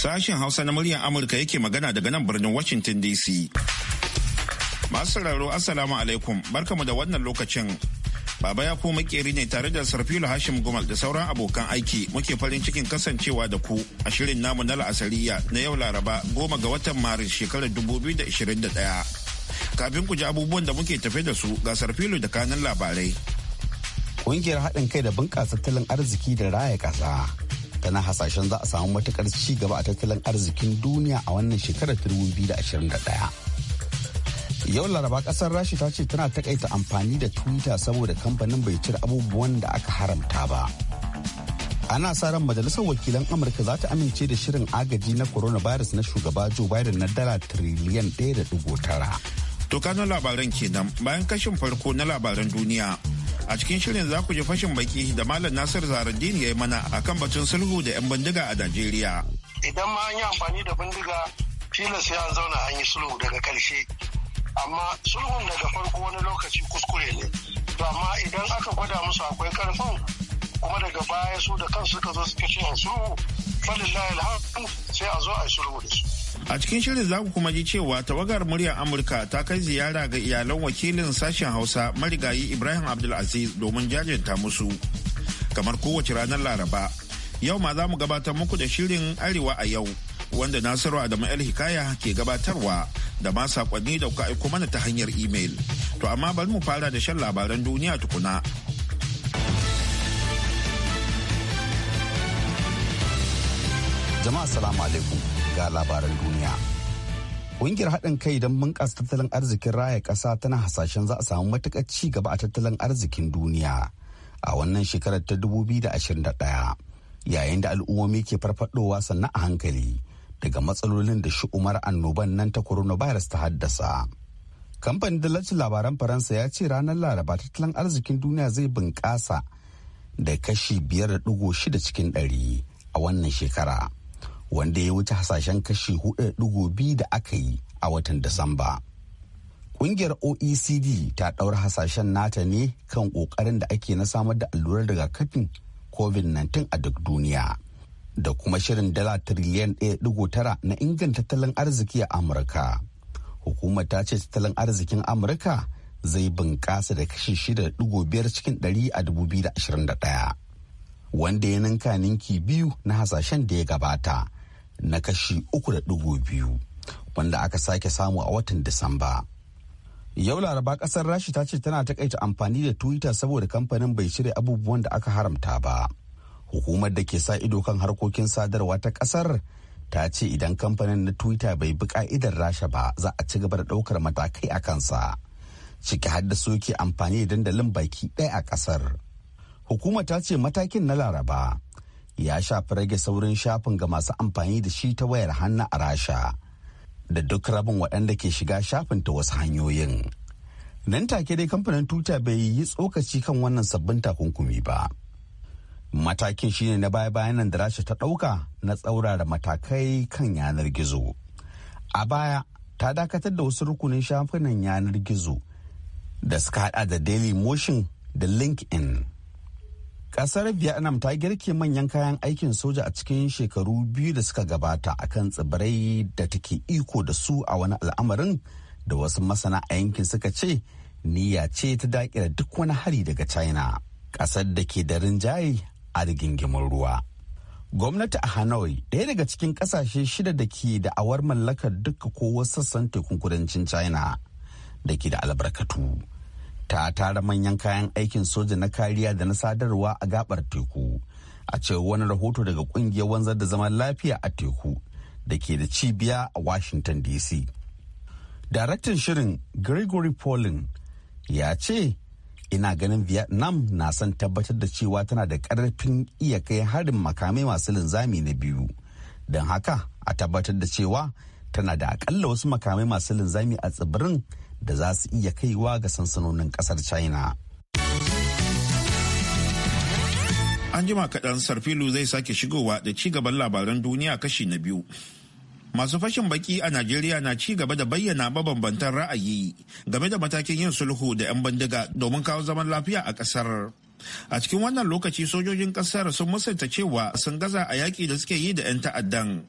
Sashen Hausa na muryar Amurka yake magana daga nan birnin Washington DC. Masu sauraro Assalamu alaikum barkamu da wannan lokacin. Baba ya kuma makeri ne tare da Sarfilu Hashim Gumal da sauran abokan aiki muke farin cikin kasancewa da ku a shirin namu na la'asariya na yau Laraba goma ga watan Maris shekarar 2021. Kafin ku ji abubuwan da muke tafe da su ga Sarfilu da kanan labarai. ƙungiyar haɗin kai da bunƙasa tattalin arziki da raya ƙasa tana hasashen za a samu matukar ci gaba a tattalin arzikin duniya a wannan shekarar 2021 yau laraba kasar rashi ta ce tana takaita amfani da twitter saboda kamfanin bai cire abubuwan da aka haramta ba ana sa ran majalisar wakilan amurka za ta amince da shirin agaji na coronavirus na shugaba joe biden na dala da 1.9 tara. kanan labaran kenan bayan kashin farko na labaran duniya a cikin shirin za ku ji fashin baki da malam nasir zaradin ya yi mana kan batun sulhu da 'yan bindiga a najeriya idan ma an yi amfani da bindiga tilas sai an zauna an yi sulhu daga karshe amma sulhun daga farko wani lokaci kuskure ne to amma idan aka gwada musu akwai karfin kuma daga baya su da kansu suka zo suka ce a sulhu falillahi alhamdu sai a zo a yi sulhu da su A cikin shirin za ku kuma ji cewa tawagar muryar Amurka ta kai ziyara ga iyalan wakilin sashen Hausa marigayi Ibrahim Abdulaziz domin jajanta musu. Kamar kowace ranar Laraba, yau ma za mu gabatar muku da shirin Arewa a yau, wanda Nasiru Adamu El Hikaya ke gabatarwa da ma saƙonni da kuka aiko mana ta hanyar imel. To amma bari mu fara da shan labaran duniya tukuna. Jama'a salamu alaikum ga labaran duniya. Ƙungiyar haɗin kai don bunƙasa tattalin arzikin raya ƙasa tana hasashen za a samu matuƙar ci gaba a tattalin arzikin duniya a wannan shekarar ta ɗaya yayin da al'ummomi ke farfaɗowa sannan a hankali daga matsalolin da shi umar annoban nan ta coronavirus ta haddasa. Kamfanin dalacin labaran Faransa ya ce ranar Laraba tattalin arzikin duniya zai bunƙasa da kashi biyar da shida cikin ɗari a wannan shekara. wanda ya wuce hasashen kashi 4.2 da aka yi a watan Disamba. Kungiyar OECD ta ɗaura hasashen nata ne kan ƙoƙarin da ake na samar da allurar kafin COVID-19 a duk duniya. Da kuma shirin dala tiriliyan 1.9 na inganta tattalin arziki a Amurka. Hukumar ta ce tattalin arzikin Amurka zai bunƙasa da kashi 6.5 cikin 100 a 2021. Wanda ya ninka ninki biyu na hasashen da ya gabata. na kashi uku da biyu wanda aka sake samu a watan Disamba. Yau Laraba kasar Rashi ta ce tana takaita amfani da Twitter saboda kamfanin bai shirya abubuwan da aka haramta ba. Hukumar da ke sa ido kan harkokin sadarwa ta kasar ta ce idan kamfanin na Twitter bai bi ka'idar Rasha ba za a ci gaba da ɗaukar matakai a kansa. Ciki har da soke amfani da dandalin baki ɗaya a kasar. Hukumar ta ce matakin na Laraba. ya shafi rage saurin shafin ga masu amfani da shi ta wayar hannu a rasha da duk rabin waɗanda ke shiga shafin ta wasu hanyoyin nan take dai kamfanin tuta bai yi tsokaci kan wannan sabbin takunkumi ba matakin shine na baya-bayan nan da rasha ta ɗauka na tsaurara matakai kan yanar gizo a baya ta dakatar da wasu rukunin shafunan yanar gizo da suka hada da daily motion da linkedin Kasar Vietnam ta girke manyan kayan aikin soja a cikin shekaru biyu da suka gabata a kan tsibirai da take iko da su a wani al'amarin da wasu masana a yankin suka ce niyya ce ta dakira duk wani hari daga China, kasar da ke da rinjaye a rigingimin ruwa. Gwamnati a Hanoi ɗaya daga cikin ƙasashe shida da ke da awar mallakar duka ko wasu sassan tekun kudancin China da ke da albarkatu. ta tara manyan kayan aikin soja na kariya da na sadarwa a gabar teku a cewar wani rahoto daga kungiyar wanzar da zaman lafiya a teku da ke da cibiya a washington dc daraktan shirin gregory polin ya ce ina ganin vietnam na son tabbatar da cewa tana da karfin iya kai harin makamai masu linzami na biyu don haka a tabbatar da cewa tana da akalla wasu makamai masu linzami a tsibirin da za su iya kaiwa ga sansanonin kasar china an jima kaɗan sarfilu zai sake shigowa da ci gaban labaran duniya kashi na biyu masu fashin baki a najeriya na ci gaba da bayyana mabambantan ra'ayi game da matakin yin sulhu da 'yan bindiga domin kawo zaman lafiya a ƙasar a cikin wannan lokaci sojojin ƙasar sun musanta cewa sun gaza a yaƙi da suke yi da 'yan ta'addan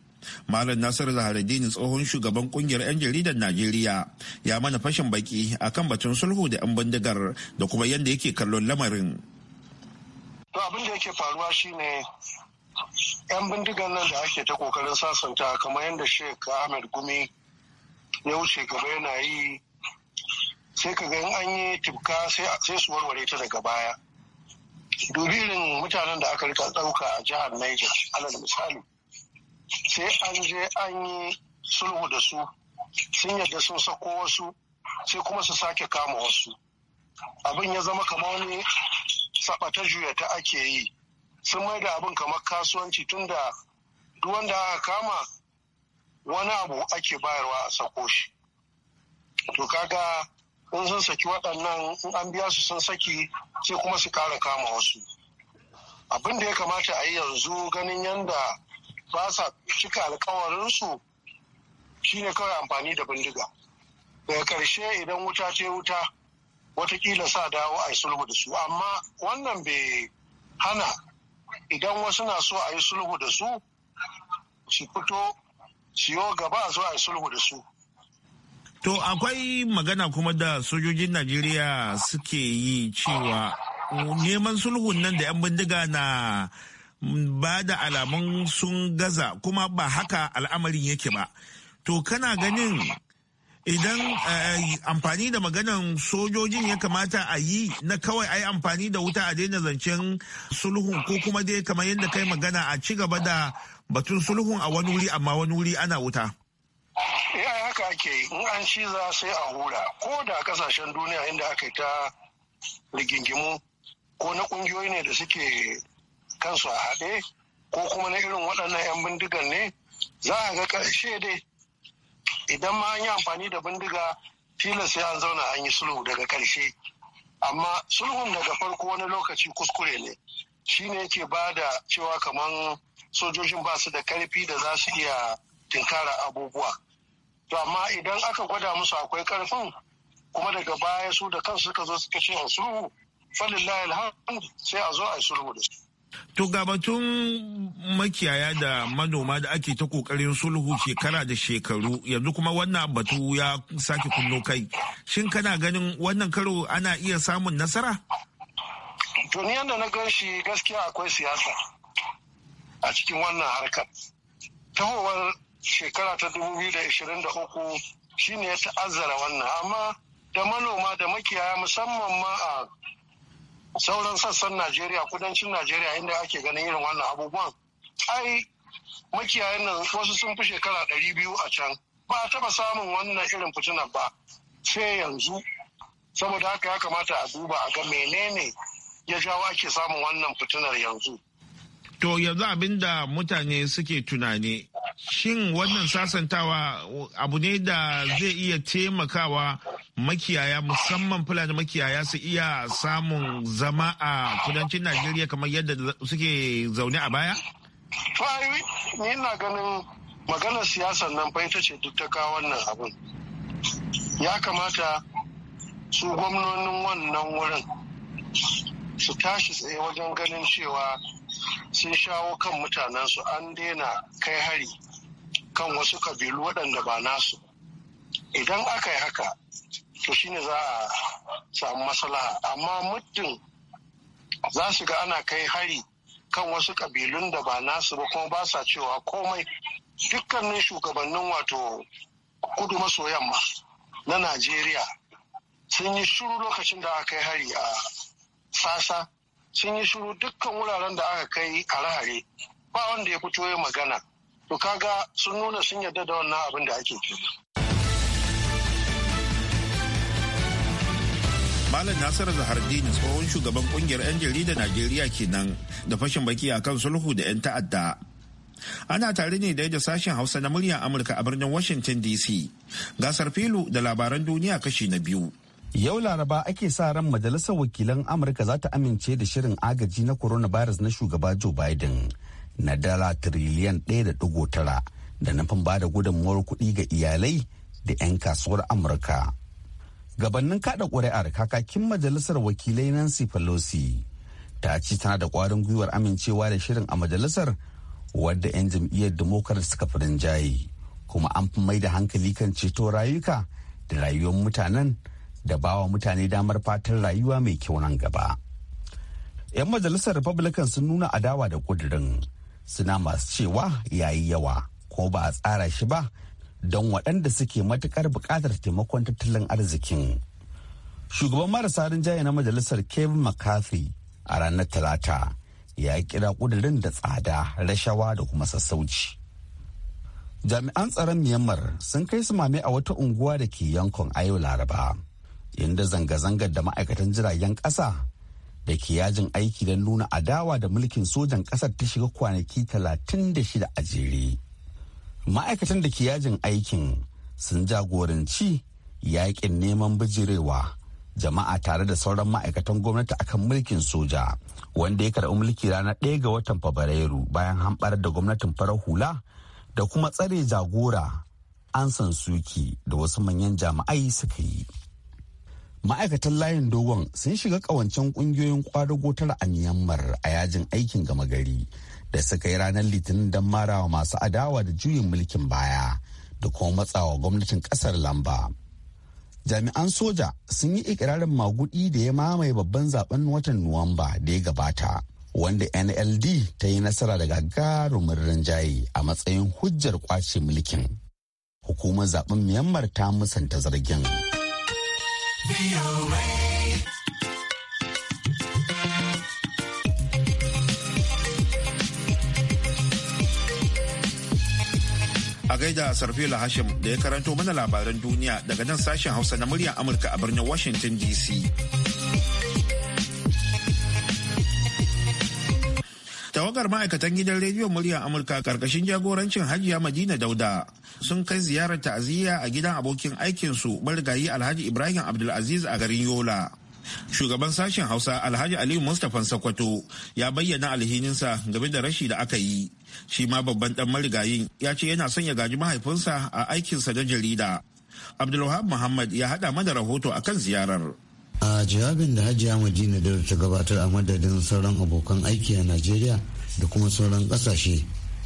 Malam Nasir Zaharaddini tsohon shugaban kungiyar 'yan jaridar Najeriya ya mana fashin baki akan batun sulhu da 'yan bindigar da kuma yadda yake kallon lamarin. To abin da yake faruwa shine 'yan bindigar nan da ake ta kokarin sasanta kamar yadda Sheikh Ahmed Gumi ya wuce gaba yana yi sai ka in an yi tibka sai su warware ta daga baya. Dubi irin mutanen da aka rika ɗauka a jihar Niger, alal misali. sai an je an yi sulhu da su sun yadda sun sako wasu sai kuma su sake kama wasu abin ya zama kamar wani sabata juya ta ake yi sun mai da abin kamar kasuwanci tunda duk wanda aka kama wani abu ake bayarwa a sako shi to kaga in sun saki waɗannan in an biya su sun saki sai kuma su ƙara kama wasu abin da ya kamata a yi yanzu ganin yadda ba sa cika alkawarinsu shine kawai amfani da bindiga daga karshe idan wuta ce wuta watakila sa dawo a yi sulhu da su amma wannan bai hana idan wasu na so a yi sulhu da su su fito siyo gaba a zo a yi sulhu da su to akwai magana kuma da sojojin najeriya suke yi cewa neman sulhun nan da 'yan bindiga na ba da alamun sun gaza kuma ba haka al'amarin yake ba to kana ganin idan eh, amfani da maganan sojojin ya kamata a yi na kawai a yi amfani da wuta a daina zancen sulhun ko kuma dai kamar yadda kai magana a ci gaba da batun sulhun a wani wuri amma wani wuri ana wuta. ya haka ake in an ciza sai a hura ko da kasashen duniya inda aka yi ta rigingimu ko na kungiyoyi ne da suke kansu a haɗe ko kuma na irin waɗannan 'yan bindigan ne za a ga ƙarshe dai idan ma an yi amfani da bindiga tilas sai an zauna an yi sulhu daga ƙarshe amma sulhun daga farko wani lokaci kuskure ne shi ne yake ba da cewa kamar sojojin ba su da karfi da za su iya tinkara abubuwa to amma idan aka gwada musu akwai karfin kuma daga baya su da kansu suka zo suka ce a sulhu falillahi alhamdu sai a zo a yi sulhu da su To ga batun makiyaya da manoma da ake ta kokarin sulhu shekara da shekaru yanzu kuma wannan batu ya sake kunno kai. Shin kana ganin wannan karo ana iya samun nasara? To ni yadda na gan shi gaskiya akwai siyasa a cikin wannan harkar. Tahowar shekara ta 2023 shine ya ta'azzara wannan amma da manoma da makiyaya musamman ma a sauran sassan najeriya kudancin najeriya inda ake ganin irin wannan abubuwan ai makiyayan nan wasu sun fi shekara ɗari biyu a can ba a taɓa samun wannan irin fitinan ba sai yanzu saboda haka ya kamata a duba a ga menene ya jawo ake samun wannan fitinar yanzu to yanzu abin da mutane suke tunani shin wannan sasantawa abu ne da zai iya taimakawa makiyaya musamman fulani makiyaya su iya samun zama a kudancin najeriya kamar yadda suke zaune a baya? ni na ganin maganar siyasar nan fa ita ce duk ta kawo wannan abin ya kamata su gwamnonin wannan wurin su tashi tsaye wajen ganin cewa sun shawo kan mutanensu an daina kai hari kan wasu kabilu waɗanda ba nasu idan aka yi haka to shine za a samu maslaha amma muddin za su ga ana kai hari kan wasu kabilun da ba nasu ba kuma ba sa cewa komai dukkanin shugabannin wato kudu maso yamma na najeriya sun yi shuru lokacin da aka kai hari a sasa sun yi shuru dukkan wuraren da aka kai hare-hare ba wanda ya fito ya magana to kaga sun nuna sun yarda da wannan abin da ake kenan Malam Nasir Zahardini tsohon shugaban kungiyar 'yan jarida Najeriya kenan da fashin baki a kan sulhu da 'yan ta'adda. Ana tare ne da sashen Hausa na muryar Amurka a birnin Washington DC. Gasar filu da labaran duniya kashi na biyu. Yau Laraba ake sa ran Majalisar Wakilan Amurka za ta amince da shirin agaji na coronavirus na shugaba Joe Biden na dala tiriliyan ɗaya da nufin ba da gudunmuwar kuɗi ga iyalai da 'yan kasuwar Amurka. gabannin kada ƙuri'ar kakakin majalisar wakilai nancy pelosi ta ci tana da ƙwarin gwiwar amincewa da shirin a majalisar wadda 'yan jam'iyyar democrat suka fi rinjaye kuma an fi mai da hankali kan ceto rayuka da rayuwar mutanen da bawa mutane damar fatan rayuwa mai kyau nan gaba 'yan majalisar republican sun nuna adawa da kudirin suna masu cewa yayi yawa ko ba a tsara shi ba don waɗanda suke matuƙar buƙatar taimakon tattalin arzikin. Shugaban marasa rinjaye na majalisar Kevin McCarthy a ranar Talata ya kira ƙudurin da tsada, rashawa da kuma sassauci. Jami'an tsaron Myanmar sun kai su mame a wata unguwa da ke yankon ayo Laraba, inda zanga-zangar da ma'aikatan jiragen ƙasa da ke yajin aiki don nuna adawa da mulkin sojan ƙasar ta shiga kwanaki 36 a jere. ma'aikatan da ke yajin aikin sun jagoranci yaƙin neman bijirewa jama'a tare da sauran ma'aikatan gwamnati akan mulkin soja wanda ya karɓi mulki ranar ɗaya ga watan fabrairu bayan hamɓar da gwamnatin farar hula da kuma tsare jagora an san suki da wasu manyan jami'ai suka yi ma'aikatan layin dogon sun shiga kawancen ƙungiyoyin kwadago tara a myanmar a yajin aikin gama gari da suka yi ranar litinin don marawa masu adawa da juyin mulkin baya da kuma matsawa gwamnatin kasar lamba jami'an soja sun yi ikirarin magudi da ya mamaye babban zaben watan nuwamba da ya gabata wanda nld ta yi nasara da gagarumin rinjaye a matsayin hujjar kwace mulkin hukumar zaben myanmar ta musanta zargin. a gaida sarfi hashim da ya karanto mana labaran duniya daga nan sashen hausa na murya amurka a birnin washington dc tawagar ma'aikatan gidan rediyon muryar amurka karkashin jagorancin hajiya madina dauda sun kai ziyarar ta'aziyya a gidan abokin aikinsu marigayi alhaji ibrahim abdulaziz a garin yola shugaban sashen hausa alhaji aliyu mustapha sakwato ya bayyana alhininsa game da rashi da aka yi shi ma babban dan marigayin ya ce yana son ya gaji mahaifinsa a aikinsa na jarida abdulwahab muhammad ya hada mana rahoto a kan ziyarar a jawabin da hajiya madina da ta gabatar a madadin sauran abokan aiki a najeriya da kuma sauran kasashe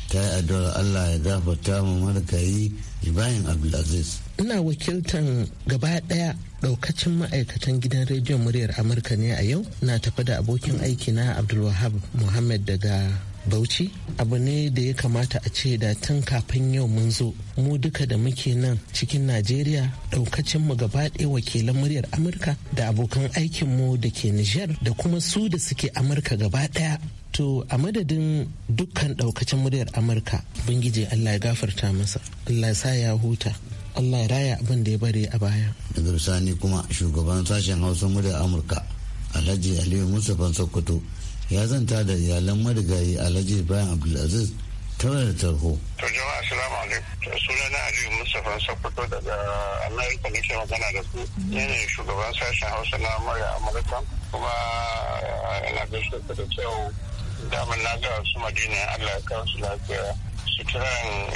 ta yi addu'ar allah ya gafarta mu marigayi ibrahim abdulaziz ina wakiltan gaba daya daukacin ma'aikatan gidan rediyon muryar amurka ne a yau na tafi da abokin aiki na abdulwahab muhammad daga bauchi abu ne da ya kamata a ce da tun kafin yau mun zo mu duka da muke nan cikin najeriya daukacin mu gaba ɗaya wakilan muryar amurka da abokan aikin mu da ke nijar da kuma su da suke amurka gaba ɗaya to a madadin dukkan daukacin muryar amurka bangije allah ya gafarta masa allah ya sa ya huta allah ya raya abin da ya bari a baya daga sani kuma shugaban sashen hausa muryar amurka alhaji aliyu musa sokoto ya zanta da iyalan marigayi alhaji bayan abdulaziz ta wani tarho. to jama'a assalamu alaikum suna na aliyu mustapha sokoto daga america nake magana da su ne shugaban sashen hausa na mara amurka kuma yana eh, gaishe da kyau damar na ga su madina allah ya kawo su lafiya su kira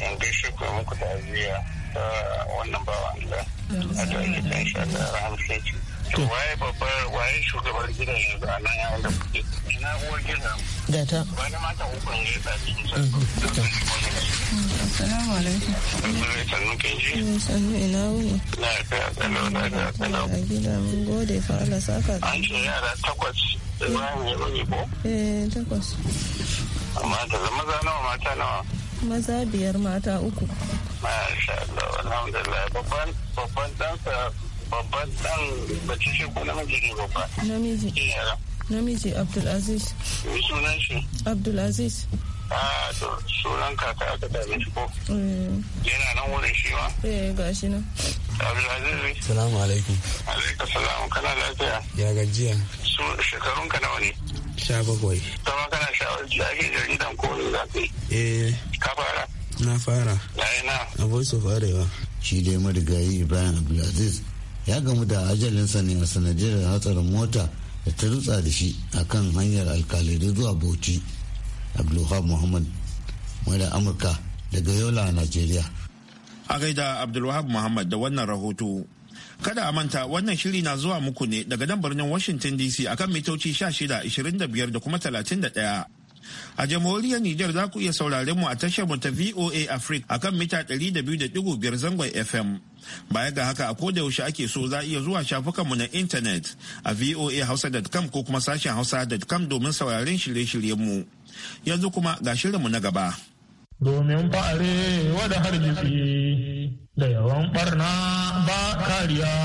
in gaishe ku muku da ajiya ta wannan bawa allah a ta yi kan shaɗa to waye babbar waye shugaban gidan yanzu a nan yawon da kuke ina uwar gidan da ta wani mata uku ne ya tafi mhm. Assalamu alaikum. Sannu kin ji? Sannu ina wuni. Na kai a tsalo na kai a tsalo. A gida mun gode fa Allah saka. An ce yara takwas. Ibrahim ya bari ko? Eh takwas. Amma ta zama za nawa mata nawa? Maza biyar mata uku. Masha Allah, alhamdulillah. Babban babban sa. babban dan bace shi ko namiji ne babba namiji namiji abdulaziz sunan shi abdulaziz a ah, to sunan kaka aka dame shi ko eh. yana nan wurin shi ma eh ga shi nan abdulaziz salamu alaikum alaikum salam kana lafiya ya gajiya shekarun ka nawa ne sha bakwai kama kana sha ake jaridan ko ne za ka yi eh ka fara na fara na a voice of arewa shi dai marigayi ibrahim abdulaziz ya gamu da ajalinsa ne a sanadiyar hatsarin mota da ta rutsa da shi a kan hanyar alkalai zuwa bauchi abdulhab muhammad amurka daga yola a nigeria a gaida abdulwahab muhammad da wannan rahoto kada a manta wannan shiri na zuwa muku ne daga nan birnin washington dc akan mitoci 16 25 da kuma 31 A jamhuriyar Nijar za ku iya sauraren mu a tashar mu ta VOA Africa a kan mita 200.5 zangon FM. Baya ga haka a koda yaushe ake so za iya zuwa shafukan mu na intanet a voahausa.com ko kuma sashen hausa.com domin sauraren shirye-shiryen mu. Yanzu kuma ga shirinmu na gaba. Domin fa'are wada hargitsi da yawan barna ba kariya.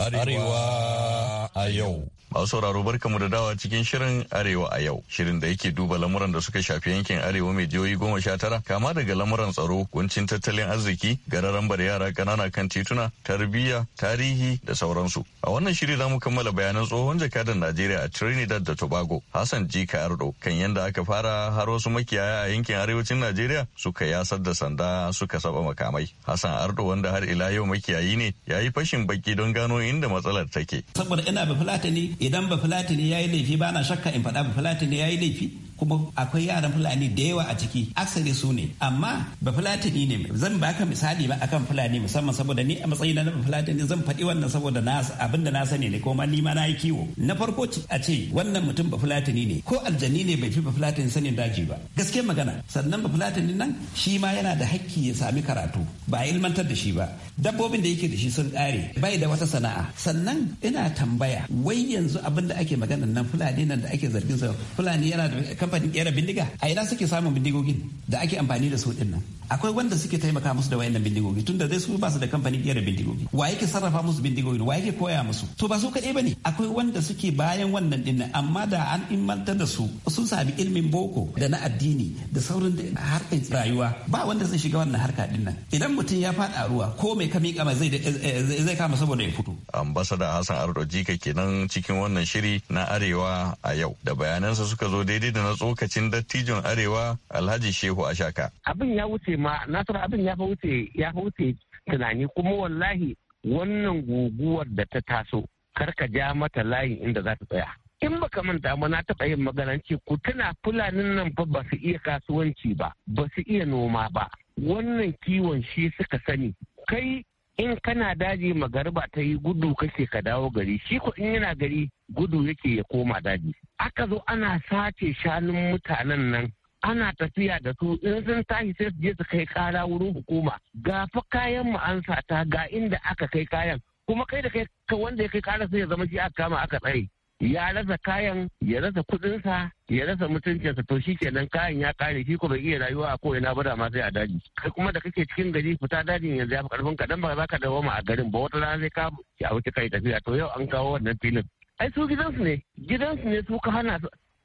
Arewa a yau. Masu sauraro mu da dawa cikin shirin Arewa a yau. Shirin da yake duba lamuran da suka shafi yankin Arewa mai jihohi goma sha tara kama daga lamuran tsaro, kuncin tattalin arziki, gararan bar yara ƙanana kan tituna, tarbiyya, tarihi da sauransu. A wannan shiri za mu kammala bayanan tsohon jakadan Najeriya a Trinidad da Tobago, Hassan G. Ardo, kan yadda aka fara har wasu makiyaya a yankin arewacin Najeriya suka yasar da sanda suka saba makamai. Hassan Ardo wanda har ila yau makiyayi ne ya yi fashin baki don gano inda matsalar take. Saboda ina ba idan ba fulatani ya yi laifi ba na shakka in faɗa ba fulatani ya yi laifi kuma akwai yaran fulani da yawa a ciki aksari su ne amma ba fulatani ne zan baka misali ba akan fulani musamman saboda ni a matsayin na fulatani zan faɗi wannan saboda na abin da na sani ne ma ni ma na yi kiwo na farko a ce wannan mutum ba fulatani ne ko aljani ne bai fi ba fulatani sanin daji ba Gaskiya magana sannan ba fulatani nan shi ma yana da hakki ya sami karatu ba a ilmantar da shi ba dabbobin da yake da shi sun ƙare bai da wata sana'a sannan ina tambaya wai yanzu abin da ake magana nan fulani nan da ake zargin sa fulani yana da kamfanin kera bindiga a ina suke samun bindigogin da ake amfani da su dinnan akwai wanda suke taimaka musu da wayannan bindigogi tunda dai su ba su da kamfanin kera bindigogi wa yake sarrafa musu bindigogi wa yake koya musu to ba su kaɗai ne akwai wanda suke bayan wannan dinnan amma da an imantar da su sun sami ilmin boko da na addini da saurin harkar rayuwa ba wanda zai shiga wannan harka din idan mutum ya faɗa ruwa ko mai kami kama zai eh, zai kama saboda ya fito ambasada Hassan Ardo Jika kenan cikin wannan shiri na arewa a yau da bayanansa suka zo daidai da na tsokacin dattijon arewa alhaji shehu ashaka abin ya wuce ma abin ya wuce ya wuce tunani kuma wallahi wannan guguwar da ta taso karka ja mata layin inda za ta tsaya in baka manta ba na taɓa yin ce ku tuna fulanin nan fa ba su iya kasuwanci ba ba su iya noma ba wannan kiwon shi suka sani kai in kana daji magariba ta yi gudu kake ka dawo gari shi ko in yana gari gudu yake ya koma daji aka zo ana sace shanun mutanen nan ana tafiya da su in sun tashi sai su je su kai kara wurin hukuma ga fa kayan mu an sata ga inda aka kai kayan kuma kai da kai wanda ya kai kara sai ya zama shi aka kama aka tsare ya rasa kayan ya rasa kudinsa ya rasa mutuncinsa to shi kenan kayan ya kare shi ko bai iya rayuwa a ko'ina ba da ma sai a daji kai kuma da kake cikin gari fita dajin yanzu ya fi karfin ka dan ba za ka dawo ma a garin ba wata rana zai ka ya wuce kai tafiya to yau an kawo wannan filin ai su gidansu ne gidansu ne su ka hana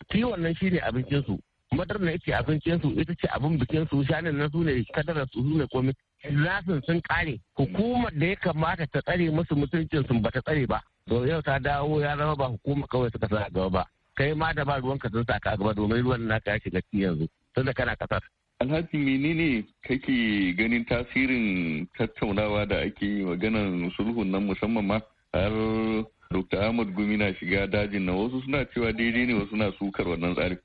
kiwon nan shine abincinsu madar na ita abincinsu ita ce abin bikinsu shanin nan su ne kadarar su ne komai nasin sun kare hukumar da ya kamata ta tsare musu mutuncin sun ba ta tsare ba to yau ta dawo ya zama ba hukumar kawai suka sa gaba ba kai ma da ba ka sun sa ka gaba domin ruwan na ka shiga ciki yanzu tunda kana kasar Alhaji menene kake ganin tasirin tattaunawa da ake yi maganar sulhun nan musamman ma har Dr. Ahmad Gumi na shiga dajin nan wasu suna cewa daidai ne wasu na sukar wannan tsarin.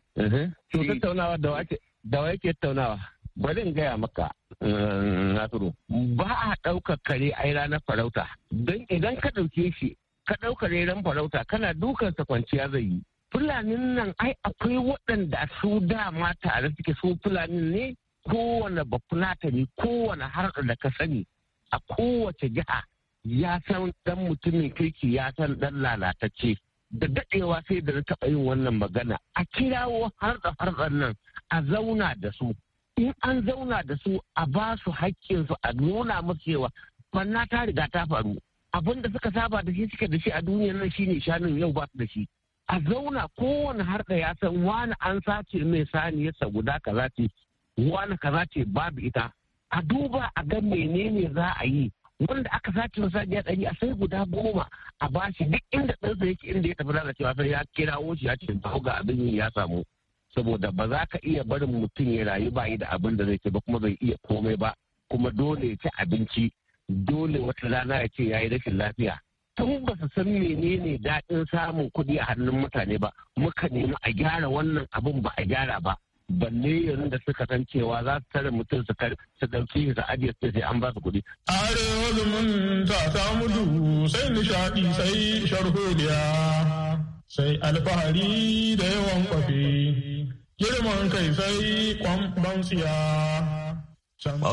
To tattaunawa da wa yake tattaunawa? bari in gaya maka eh, nasiru ba a ɗaukar kare ai ranar farauta don idan ka ɗauke shi ka ɗauka ranar farauta kana dukansa kwanciya zai yi fulanin nan ai akwai waɗanda su dama tare suke su fulanin ne kowane bafulata ne kowane harɗa da ka sani a kowace jiha ya san dan mutumin kirki ya san ɗan lalatacce da daɗewa sai da na taɓa yin wannan magana a kirawo harɗa harɗan nan a zauna da su in an zauna da su a ba su haƙƙinsu a nuna musu cewa Banna ta riga ta faru abin da suka saba da shi suka da shi a duniyar nan shine shanun yau ba su da shi a zauna kowane harka ya san wani an sace mai saniyarsa guda kaza ce wani kaza ce babu ita a duba a ga menene za a yi wanda aka sace masa ya ɗari a sai guda goma a bashi duk inda ɗansa yake inda ya tafi lalacewa sai ya kirawo shi ya ce ga abin ya samu saboda ba za ka iya barin mutum ya rayu ba da abin da zai ce ba kuma bai iya komai ba kuma dole ya ci abinci dole wata rana ya ce ya yi rashin lafiya tun ba su san menene daɗin samun kuɗi a hannun mutane ba muka nemi a gyara wannan abin ba a gyara ba balle yanzu da suka san cewa za su tare mutum su su ɗauki su ajiye su sai an ba su kuɗi. arewa zumunta ta mutu sai nishaɗi sai sharhodiya sai alfahari da yawan kwafi. girman kai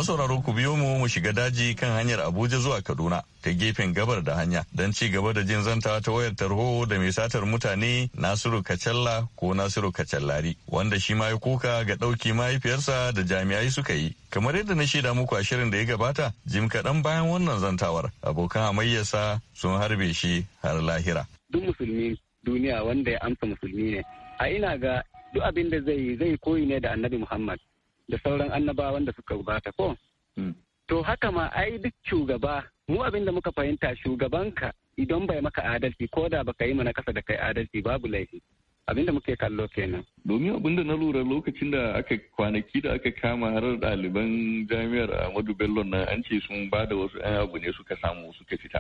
sauraro ku biyo mu mu shiga daji kan hanyar Abuja zuwa Kaduna ta gefen gabar da hanya don ci gaba da jin zantawa ta wayar tarho da mai satar mutane Nasiru Kacalla ko Nasiru Kacallari wanda shi ma ya kuka ga ɗauki mahaifiyarsa da jami'ai suka yi. Kamar yadda na shaida muku a shirin da ya gabata jim kaɗan bayan wannan zantawar abokan amayyarsa sun harbe shi har lahira. Duk musulmi duniya wanda ya amsa musulmi ne. A ina ga duk abin da zai zai koyi ne da annabi muhammad da sauran annabawan da suka gabata ko hmm. to haka ma ai duk shugaba mu abin da muka fahimta shugabanka idan bai maka adalci ko da baka yi mana kasa da kai adalci babu laifi abin da muke kallo kenan domin abin da na lura lokacin da aka kwanaki da aka kama har ɗaliban jami'ar Ahmadu Bello na an ce sun ba da wasu 'yan abu ne suka samu suka fita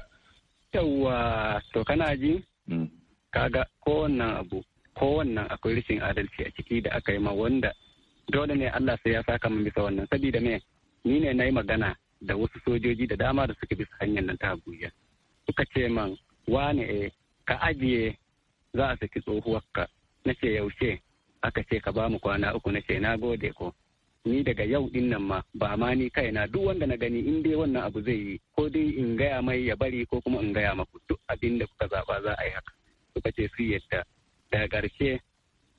yawwa to kana ji hmm. kaga kowannan abu kowannan akwai rashin adalci a ciki da aka yi ma wanda dole ne Allah sai ya saka min bisa wannan saboda me ni ne na magana da wasu sojoji da dama da suke bisa hanyar nan ta Abuja suka ce man wane eh ka ajiye za a saki tsohuwarka na ce yaushe aka ce ka ba mu kwana uku na ce na gode ko ni daga yau din nan ma ba ma ni kai na. duk wanda na gani in dai wannan abu zai yi ko dai in gaya mai ya bari ko kuma in gaya maku duk abin da kuka zaba za a yi haka suka ce su yadda daga ƙarshe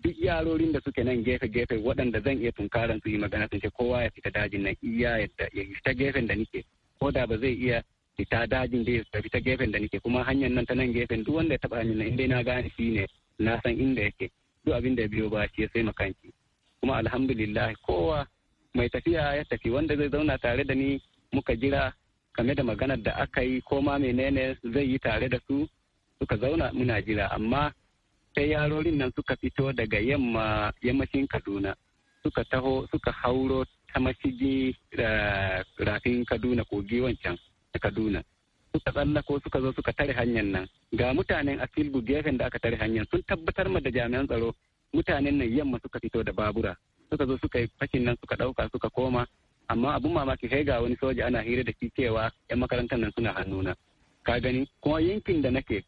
duk yarorin da suke nan gefe-gefe waɗanda zan iya tunkaran su yi magana sun ce kowa ya fita dajin nan iya yadda ya fita gefen da nike ko da ba zai iya fita dajin da ya fita gefen da nike kuma hanyar nan ta nan gefen duk wanda ya taɓa min nan inda na gane shi ne na san inda yake duk abin da ya biyo ba shi ya sai makanki kuma alhamdulillah kowa mai tafiya ya tafi wanda zai zauna tare da ni muka jira game da maganar da aka yi ko ma menene zai yi tare da su suka zauna muna jira amma sai yarorin nan suka fito daga yamma yammacin kaduna suka taho suka hauro ta mashigi eh, rafin kaduna kogi wancan ta kaduna suka tsallako suka zo suka tare hanyar nan ga mutanen asilbu gefen da aka tare hanyar sun tabbatar ma da jami'an tsaro mutanen nan yamma suka fito da babura suka zo suka yi fashin nan suka ɗauka suka koma amma abun mamaki kai ga wani soja ana hira da shi cewa 'yan makarantar nan suna hannuna ka gani kuma yankin da nake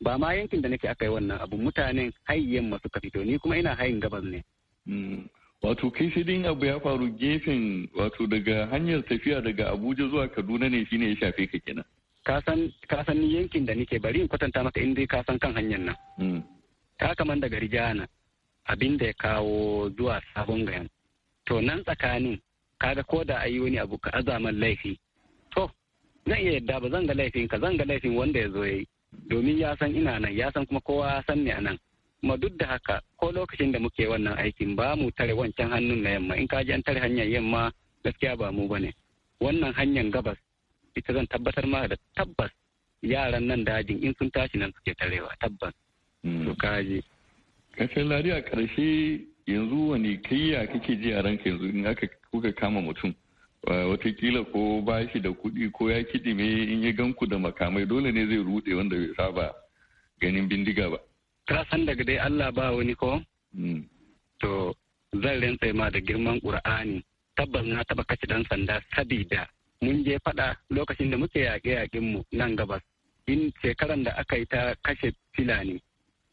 ba ma yankin da nake aka yi wannan abu mutanen hayyan masu suka fito ni kuma ina hayin gabas ne. Mm. Wato kai sai dai abu ya faru gefen wato daga hanyar tafiya daga Abuja zuwa Kaduna ne shine ya shafe ka kenan. Ka san ni yankin da nake bari in kwatanta maka in dai ka san kan hanyar nan. Mm. Ta kaman daga Rijana abin da ya kawo zuwa Sabon Gayan. To nan tsakanin kaga ko da ayi wani abu ka azaman laifi. To zan iya yadda ba zan ga laifin ka zan ga laifin wanda ya zo ya yi. domin ya san ina nan ya san kuma kowa san ni a nan kuma duk da haka ko lokacin da muke wannan aikin ba mu tare wancan hannun na yamma in ka ji an tare hanyar yamma gaskiya ba mu bane wannan hanyar gabas ita zan tabbatar ma da tabbas yaran nan dajin in sun tashi nan suke tarewa tabbas hmm. to ka ji lari a ƙarshe yanzu wani kayya kake ji a ranka yanzu in aka kuka kama mutum Eh, watakila ko ba shi da kuɗi ko ya kidime in ya ganku da makamai dole ne zai rude wanda bai saba ganin bindiga ba. Ka san daga dai Allah ba wani ko? Hmm. To zan rinsa ma da girman Ƙur'ani tabbas na taɓa kashe ɗan sanda sabida mun je faɗa lokacin da muke yaƙe mu nan gabas in shekaran da aka yi ta kashe filani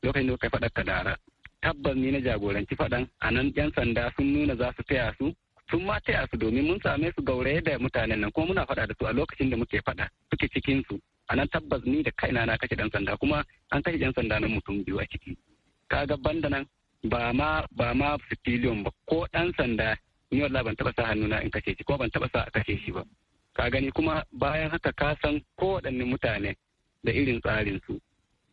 lokacin da kai faɗa kadara tabbas ni na jagoranci faɗan a nan 'yan sanda sun nuna za su taya su sun ma taya su domin mun same su gauraye da mutanen nan kuma muna faɗa da su a lokacin da muke faɗa suke cikin su a nan tabbas ni da kaina na kashe dan sanda kuma an kashe dan sanda na mutum biyu a ciki kaga banda nan ba ma ba ma civilian ba ko dan sanda ni wallahi ban taba sa hannuna in kashe shi ko ban taba sa a kashe shi ba ka gani kuma bayan haka ka san kowaɗanne mutane da irin tsarin su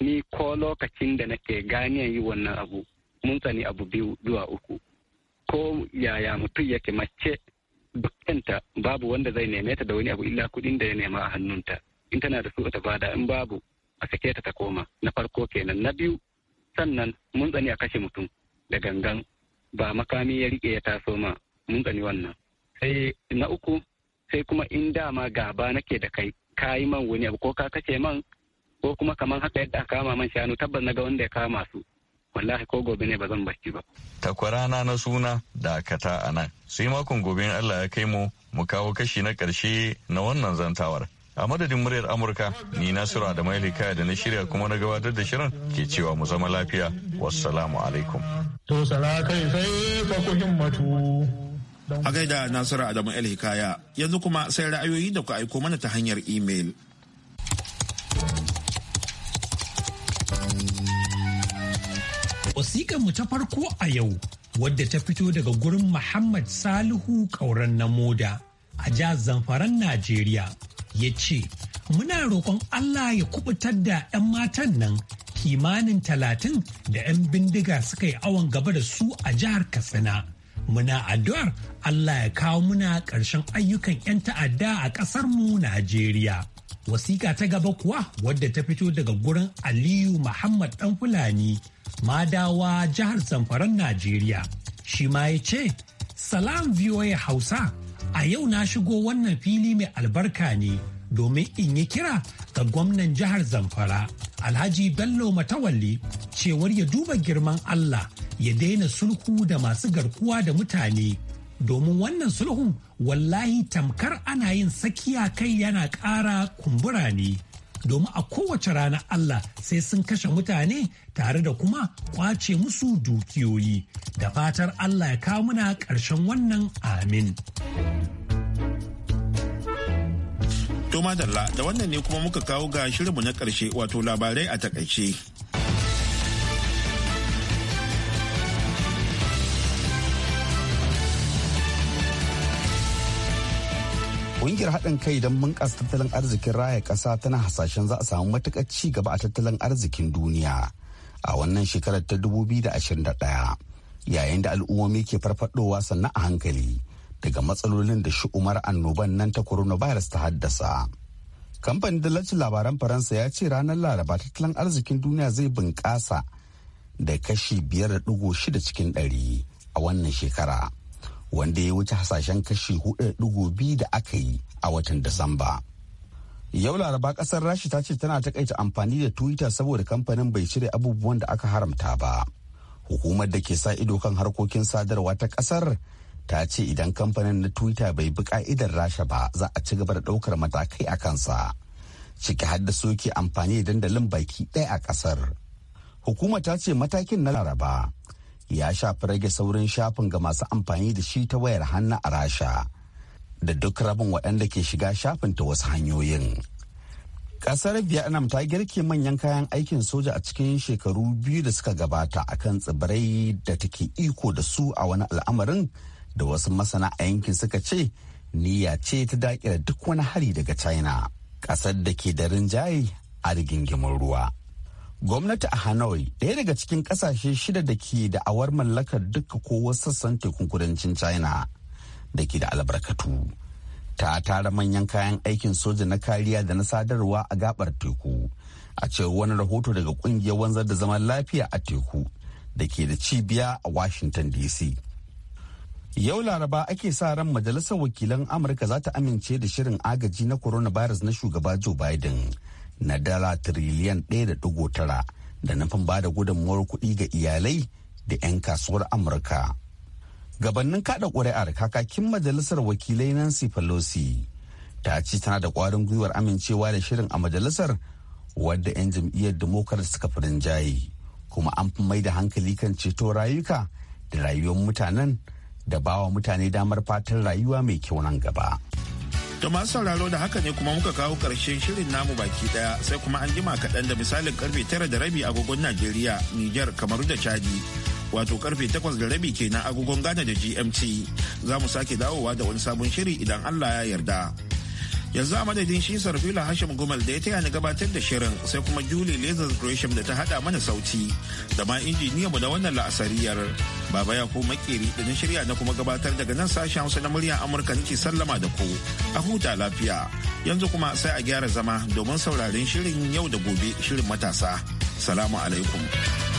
ni ko lokacin da nake ganiyan yi wannan abu mun tsani abu biyu zuwa uku ko yaya mutum yake mace bukanta babu wanda zai neme ta da wani abu illa kudin da ya nema a hannunta in tana da su ta bada in babu a sake ta ta koma na farko kenan na biyu sannan mun tsani a kashe mutum da gangan ba makami ya rike ya taso ma mun tsani wannan sai na uku sai kuma in dama gaba nake da kai ka yi man wani abu ko ka kace man ko kuma kamar haka yadda aka kama man shanu tabbas na ga wanda ya kama su wallahi ko gobe ne ba zan bacci ba. Takwarana na suna dakata kata a nan. Sai makon gobe Allah ya kai mu mu kawo kashi na ƙarshe na wannan zantawar. A madadin muryar Amurka, ni Nasiru Adamu Kaya da na shirya kuma na gabatar da shirin ke cewa mu zama lafiya. Wassalamu alaikum. To salakai sai ka ku himmatu. A gaida Nasiru Adamu Hikaya, yanzu kuma sai ra'ayoyi da ku aiko mana ta hanyar imel. Wasiƙar mu ta farko a yau wadda ta fito daga gurin Muhammad Salihu Kauran na moda a jihar Zamfaran Najeriya ya ce, Muna roƙon Allah ya kubutar da 'yan matan nan kimanin talatin da 'yan bindiga suka yi awon gaba da su a jihar Katsina. Muna addu'ar Allah ya kawo muna ƙarshen ayyukan 'yan ta'adda a ƙasarmu Najeriya. Wasiƙa ta gaba kuwa wadda ta fito daga gurin Aliyu Muhammad ɗan Fulani, madawa jihar Zamfaran Najeriya. Shi ma ya ce, Salam VOA Hausa, a yau na shigo wannan fili mai albarka ne domin in yi kira ga gwamnan jihar Zamfara, Alhaji Bello Matawalli, cewar ya duba girman Allah ya daina sulhu da masu garkuwa da mutane. domin wannan sulhun wallahi tamkar ana yin tsakiya kai yana ƙara kumbura ne domin a kowace rana Allah sai sun kashe mutane tare da kuma kwace musu dukiyoyi da fatar Allah ya kawo muna ƙarshen wannan amin. Toma da wannan ne kuma muka kawo ga shirinmu na ƙarshe wato labarai a takaice. Ƙungiyar haɗin kai don bunƙasa tattalin arzikin raya ƙasa tana hasashen za a samu matuƙar ci gaba a tattalin arzikin duniya a wannan shekarar ta 2021 yayin da al'ummomi ke farfadowa sannan a hankali daga matsalolin da umar annoban nan ta coronavirus ta haddasa. Kamfanin dalacin labaran Faransa ya ce ranar Laraba tattalin arzikin duniya zai bunƙasa da kashi 5.6 cikin ɗari a wannan shekara. wanda ya wuce hasashen kashi 4.2 da aka yi a watan Disamba. Yau Laraba kasar Rashi ta ce tana takaita amfani da Twitter saboda kamfanin bai cire abubuwan da aka haramta ba. Hukumar da ke sa ido kan harkokin sadarwa ta kasar ta ce idan kamfanin na Twitter bai bi ka'idar Rasha ba za a ci gaba da ɗaukar matakai a kansa. Ciki har da soke amfani da dandalin baki ɗaya a kasar. Hukumar ta ce matakin na Laraba ya shafi rage saurin shafin ga masu amfani da shi ta wayar hannu a rasha da duk rabin waɗanda ke shiga shafin ta wasu hanyoyin ƙasar vietnam ta girke manyan kayan aikin soja a cikin shekaru biyu da suka gabata a kan tsibirai da take iko da su a wani al'amarin da wasu masana a yankin suka ce niyya ce ta daƙira duk wani hari daga china ƙasar da ke da rinjaye a rigingimin ruwa gwamnati a hanoi ɗaya daga cikin ƙasashe shida da ke da awar mallakar duka ko sassan tekun kudancin china da ke da albarkatu ta tara manyan kayan aikin soja na kariya da na sadarwa a gabar teku a cewar wani rahoto daga ƙungiyar wanzar da zaman lafiya a teku da ke da cibiya a washington dc yau laraba ake sa ran majalisar wakilan amurka za ta amince da shirin agaji na coronavirus na shugaba joe biden na dala tiriliyan ɗaya da nufin ba da gudunmuwar kuɗi ga iyalai da 'yan kasuwar amurka gabannin kada ƙuri'ar kakakin majalisar wakilai nancy pelosi ta ci tana da ƙwarin gwiwar amincewa da shirin a majalisar wadda 'yan jam'iyyar democrat suka fi rinjaye kuma an fi mai da hankali kan ceto rayuka da rayuwar mutanen da bawa mutane damar fatan rayuwa mai kyau nan gaba. To masu sauraro da haka ne kuma muka kawo ƙarshen shirin namu baki daya sai kuma an jima kaɗan da misalin karfe tara da rabi agogon Najeriya, Nijar, kamar da Chadi. Wato karfe takwas da rabi kenan agogon Ghana da GMT. Za mu sake dawowa da wani sabon shiri idan Allah ya yarda. yanzu a madadin shi sarfila hashim gumal da ya taya ni gabatar da shirin sai kuma julie lazar gresham da ta hada mana sauti da ma injiniya mu da wannan la'asariyar baba ya ko makeri da na shirya na kuma gabatar daga nan sashen hausa na muryar amurka nake sallama da ku a huta lafiya yanzu kuma sai a gyara zama domin sauraren shirin yau da gobe shirin matasa salamu alaikum